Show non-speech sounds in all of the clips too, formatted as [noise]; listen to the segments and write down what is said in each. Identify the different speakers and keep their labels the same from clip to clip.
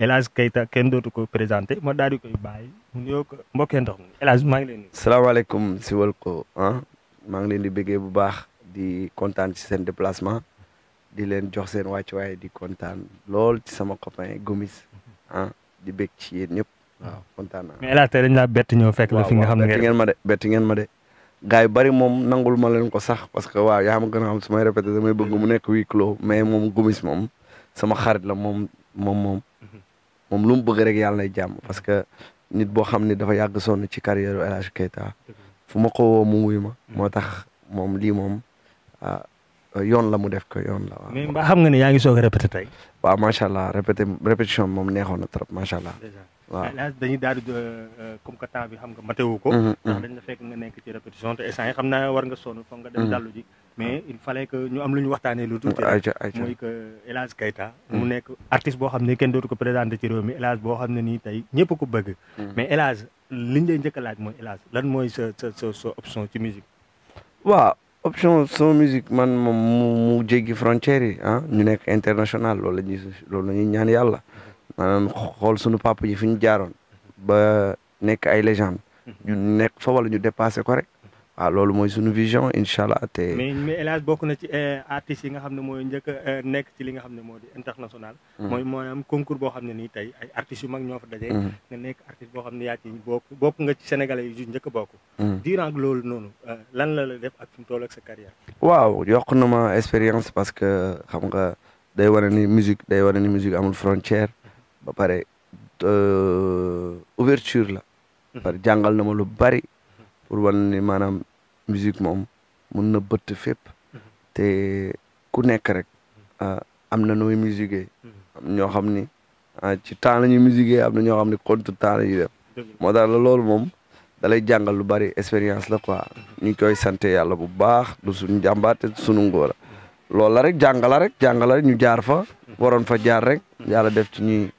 Speaker 1: El Hadj Keita kenn dootu ko présenté ma daal di koy bàyyi mu nuyoo ko mbokkee ndox mi maa ngi leen
Speaker 2: di. salaamaaleykum si ko ah maa ngi leen di bëggee bu baax di kontaan ci seen déplacement di leen jox seen waaye di kontaan lool ci sama copain Gomis ah di bëgg ci yéen ñëpp waaw kontaan naa. mais El
Speaker 1: Hadj tey dañu laa fekk la fi nga xam ne ngeen
Speaker 2: ma de bett ngeen ma de. gars yi bari moom nangul ma leen ko sax parce que waaw yaa ma gën a xam su may répété damay bëgg mu nekk huis clos mais moom Gomis moom sama xarit la moom moom moom. Mhm. moom lu mu bëgg rek yàlla nay jàmm parce que nit boo xam ne dafa yàgg sonn ci carrière El Hadj Keita fu ma ko woo mu wuyu ma moo tax moom lii moom yoon la mu def ko yoon la
Speaker 1: waaw. mais mbaa xam nga ne yaa ngi soog a répété tey.
Speaker 2: waaw macha allah répété répétition moom neexoon na trop macha allah.
Speaker 1: waaw laaj dañuy daal euh, euh, comme que temps bi xam nga matewu ko mm-hmm, ndax mm-hmm. dañ la fekk nga nekk ci répétition te instant yi xam naa war nga sonn foog nga dem mm-hmm. dallu ji mais il fallait que ñu am lu waxtaanee lu tuuti rek mooy que El Hadj mu nekk artiste boo xam ne kenn dootu ko présenté ci réew mi El Hadj boo xam ne nii tey ñëpp ko bëgg mais El Hadj liñ lay njëkk a laaj mooy El Hadj lan mooy sa sa sa sa option ci musique waaw option sama
Speaker 2: musique man moom mu jéggi yi ah ñu nekk international loolu la ñuy loolu la ñuy ñaan yàlla maanaam xool sunu papa yi fi ñu jaaroon ba nekk ay légende ñu nekk fa wala ñu dépassé ko rek waaw loolu mooy sunu vision incha allah te. mais
Speaker 1: mais El Hadj bokk na ci eh, artistes yi nga xam ne mooy njëkk eh, nekk ci li nga xam ne moo di international. Mm. mooy mooy am concours boo xam ne ni tey ay artistes yu mag ñoo fa daje. Mm. nga nekk artiste boo xam ne yaa ci bokk bokk nga ci sénégalais yu njëkk a bokk. Mm. durant loolu noonu eh, lan la la def ak fi mu toll ak sa carrière.
Speaker 2: waaw yokk na ma expérience parce que xam nga day wane ni musique day wane ni musique amul ba pare euh, ouverture la. Mhm. par jàngal na ma lu bari. Mhm. pour wan ni maanaam musique moom mun na bëtt fépp. Mhm. te ku nekk rek. Ah, am na nooy musique. am ñoo xam ni ah, ci temps la ñuy musique am na ñoo xam ni contre temps la ñuy la loolu moom da jàngal lu bari expérience la quoi. ñu ngi koy sant yàlla bu baax du suñu jàmbaate suñu ngóor loolu la rek jàngala rek jàngala ñu jaar fa waroon fa jaar rek yàlla def ci ñuy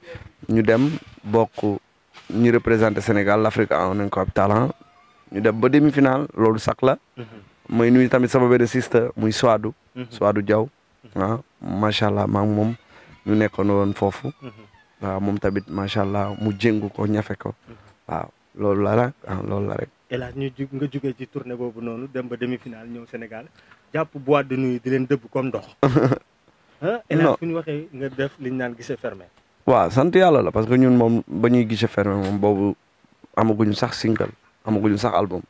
Speaker 2: ñu dem bokk ñu représenté Sénégal l'Afrique en nañ ko ab ñu dem ba demi final loolu sax la mhm. may nuyu tamit sama benn sista muy Soadou mhm. Soadou Diaw waaw mhm. ah, macha allah maa moom ñu nekkoon woon foofu waaw moom tamit macha allah mu jéngu ko ñafe ko waaw loolu la rek ah, loolu la rek
Speaker 1: El Hadj ñu nga jugee ci tournée boobu noonu dem ba demi final ñëw Sénégal jàpp boîte de nuit di leen dëbb comme ndox. ah El Hadj fu nga def li ñu naan guichet fermé.
Speaker 2: waaw sant yàlla la parce que ñun moom ba ñuy guichet fermé moom boobu amaguñu sax single amaguñu sax album.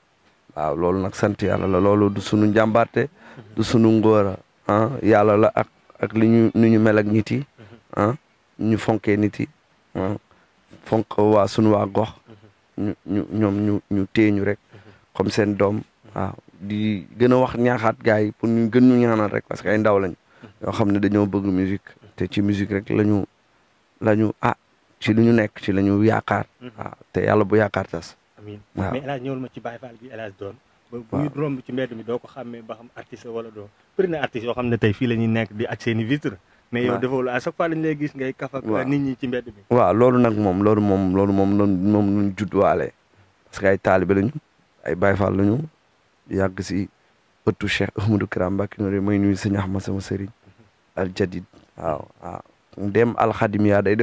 Speaker 2: waaw loolu nak sant yàlla la loolu du sunu njàmbaarte. Mhm. du sunu ngóora ah yàlla la ak ak li ñu nu ñu mel ak nit yi. Mhm. ñu fonkee nit yi. fonk waa sunu waa gox. ñu ñu ñoom ñu ñu téye rek comme seen doom waaw di gën a wax ñaaxaat gars yi pour ñu gën ñu ñaanal rek parce que ay ndaw lañ yoo xam ne dañoo bëgg musique te ci musique rek lañu lañu ah ci lu ñu nekk ci la ñu yaakaar waaw te yàlla bu yaakaar tas
Speaker 1: amiin waaw mais El Hadj ñëwul ma ci Baye Fall bi El Hadj doon ba bu ñu romb ci mbedd mi doo ko xàmmee ba xam artiste wala doo bëri na artiste yoo xam ne tey fii la ñuy nekk di aj seen i vitre mais yow defoo à chaque fois dañ lay gis ngay kaf ak nit ñi ci mbedd bi
Speaker 2: waaw loolu nag moom loolu moom loolu moom loolu moom luñ juddwaale parce que ay taalibe lañu ay Baay Faal lañu yàgg si ëttu Cheikh Ahmadou Kiram Mbacké Noreyni may nuyu sëñ Ahmad sama al jadid waaw waaw dem alxadim yaa day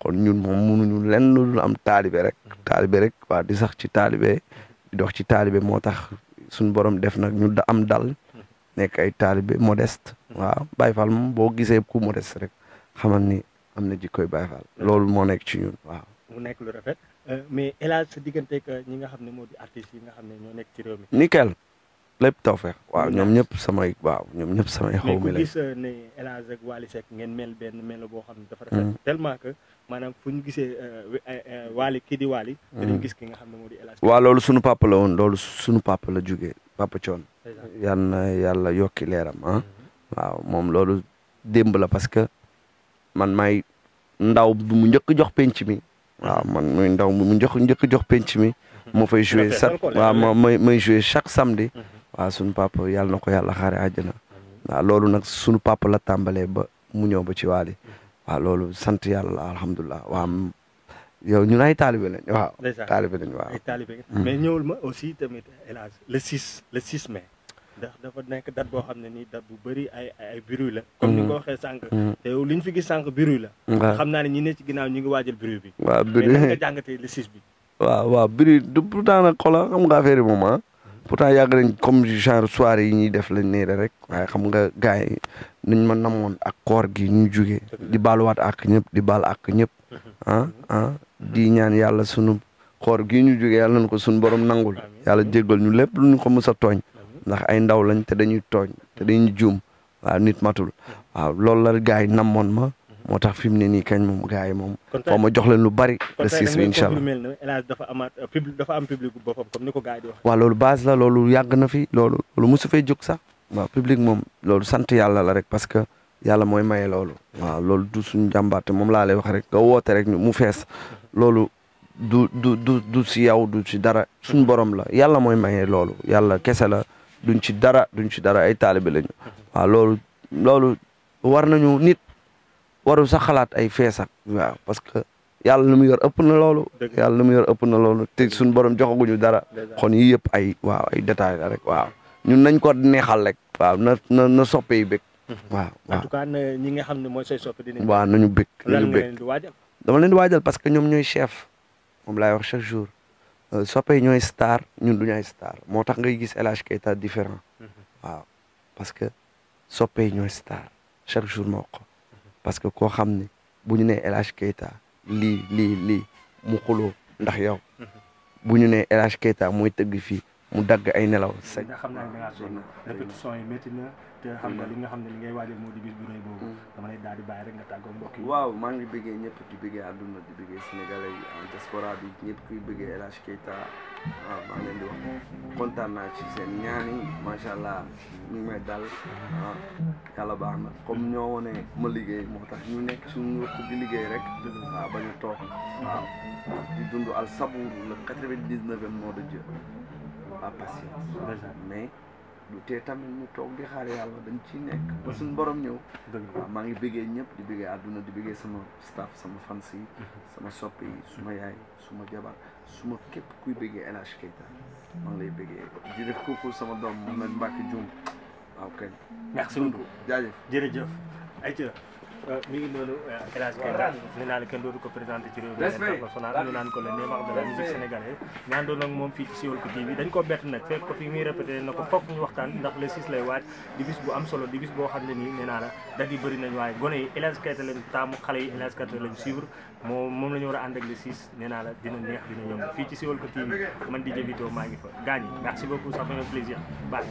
Speaker 2: kon ñun moom mënuñu lenn lu am taalibe rek taalibe rek waaw di sax ci taalibe di dox ci taalibe moo sun borom def nag ñu da am dal nekk ay taalibe modeste. waaw Baye Fall moom boo gisee ku modeste rek xamal ni am na jikkoy Baye Fall. loolu moo nekk ci ñun waaw.
Speaker 1: mu nekk lu rafet euh, mais El Hadj sa diggante euh, ñi nga xam ne moo di artistes yi nga xam ne ñoo nekk ci réew mi.
Speaker 2: nickel lépp tawfeex. waaw ñoom ñëpp samay waaw ñoom ñëpp samay. xaw mi la mais ku gis
Speaker 1: euh, ne El Hadj ak Wally Seck ngeen mel boo xam ne dafa hmm. rafet. tellement que maanaam fu ñu gisee euh, euh, euh, waali kii di waali mhm. dañu gis ki nga xam ne moo di El
Speaker 2: loolu sunu papa la woon loolu sunu papa la jógee papa Thione yal na yàlla ah. mhm. waaw moom loolu démb la parce que man maay ndaw bu mu njëkk jox penc mi ma man ndaw mu njëkk njëkk jox penc mi mhm. moo fay joué sa waaw ma may may joué chaque samedi waaw sunu papa yàlla na ko yàlla xaare àjjana waaw loolu nag sunu papa la tàmbalee ba mu ñëw ba ci waali waaw loolu sant yàlla la alhamdulilah waaw yow ñun ay taalibe lañ waaw. taalibe lañ waaw ay taalibe mm. mais
Speaker 1: ñëwul ma aussi tamit El Hadj le 6 le 6 mai. ndax dafa nekk date boo xam ne nii date bu bëri ay ay bruit la. comme ni nga ko mm. waxee sànq. Mm. li ñu fi gis sànq bruit la. xam naa ne ñi ne ci ginaaw ñu ngi waajal bruit bi. waaw bruit mais nga [laughs] jàngatee le 6 bi.
Speaker 2: waaw waaw bruit du pourtant nag xoolal xam nga affaire yi moom ah. pourtant yàgg nañ comme genre soirée yi ñuy def lañ nii rek waaye xam nga gars yi nañ ma namoon ak koor gi ñu jugee di baaluwaat ak ñëpp di baal ak ñëpp ah ah di ñaan yàlla sunu koor gi ñu jugee yàlla nañ ko sunu borom nangul yàlla jéggal ñu lépp lu ñu ko mës a tooñ ndax ay ndaw lañ te dañuy tooñ te dañuy juum waaw nit matul waaw loolu la gars yi namoon ma moo tax fi mu ne nii kañ moom gars yi moom. foo ma jox leen lu bari. le six bi incha
Speaker 1: allah dafa amaat euh, dafa am public boppam comme ni ko gars yi di wax.
Speaker 2: waaw loolu base la loolu yàgg na fi loolu loolu mosu fay jóg sax. waaw public moom loolu sant yàlla la rek parce que yàlla mooy maye loolu. Mm-hmm. waaw loolu du suñu jàmbaate moom laa lay wax rek nga woote rek mu fees mm-hmm. loolu du du du du si yow du si dara suñu mm-hmm. borom la yàlla mooy maye loolu yàlla kese la duñ ci dara duñ ci dara ay taalibe lañu. waaw loolu loolu war nañu nit waru sax xalaat ay fees ak waaw parce que yàlla lu mu yor ëpp na loolu. yàlla lu mu yor ëpp na loolu te suñu borom joxaguñu dara. kon yii yëpp ay waaw ay détails la rek ñun nañ ko neexal rek. waaw na na na soppe yi bëgg. waaw mhm. waaw en tout
Speaker 1: ñi nga xam ne mooy say soppe dinañ. waaw
Speaker 2: nañu bëgg nañu bëgg leen di waajal. dama leen di waajal parce que ñoom ñooy chef moom laay wax chaque jour euh, soppe ñooy star ñun du star moo tax ngay gis El Hadj Keita différent mhm. waaw parce que soppe yi ñooy star chaque jour moo ko mhm. parce que koo xam ne bu ñu nee El lii lii lii mu ndax yow bu ñu nee El Hadj mooy tëgg fii. mu dagg ay nelaw. sa
Speaker 1: nga xam naa ne da ngaa sonn yi métti na te xam nga li nga xam ne li ngay waajal moo di bis bu rëy boobu. Mm. dama lay daal di bàyyi rek nga tàggoo mbokk waaw
Speaker 2: maa ngi bëggee ñëpp di bëggee àdduna di bëggee sénégalais yi en diaspora bi ñëpp kuy bëggee El Hadj Keita waaw maa ngi leen di naa ci seen ñaani macha allah ñu ngi may dal ah baax na comme ñoo wone ma liggéey moo tax ñu nekk suñu yokk di liggéey rek waaw ah, toog waaw ah, di dund al sabuur le quatre-vingt-dix-neuvième moo de en patience mais du tee tamit ñu toog di xaar yàlla dañ ciy nekk ba suñ boroom ñëw waaw maa ngi béggee ñëpp di bëggee àdduna di bëggee sama staff sama fans yi mhm. sama soppi suma yaay suma jabar suma képp kuy bëggee
Speaker 1: El Hadj Keita maa ngi lay bëggee di def kooku sama doom Mouhamed Mbacke Dioum waaw kañ merci beaucoup jaajëf jërëjëf ay Euh, mi ngi noonu euh, El Hadj Keita nee naa la kenn dootu ko présenté ci réew mi international ñu naan ko le Neymar de la musique sénégalaise ñu àndoon ak moom fii ci Siweulko TV dañ ko bett nag fekk ko fi muy répété na ko foog waxtaan ndax le 6 lay waaj di bis bu am solo di bis boo xam ne nii nee naa la dat yi bëri nañ waaye gone yi El Hadj taamu xale yi El Hadj Keita lañ moom moom war a ànd ak le 6 nee naa la dina neex dina yomb fii ci Siweulko TV man di jëbitoo maa ngi fa gaañ yi merci beaucoup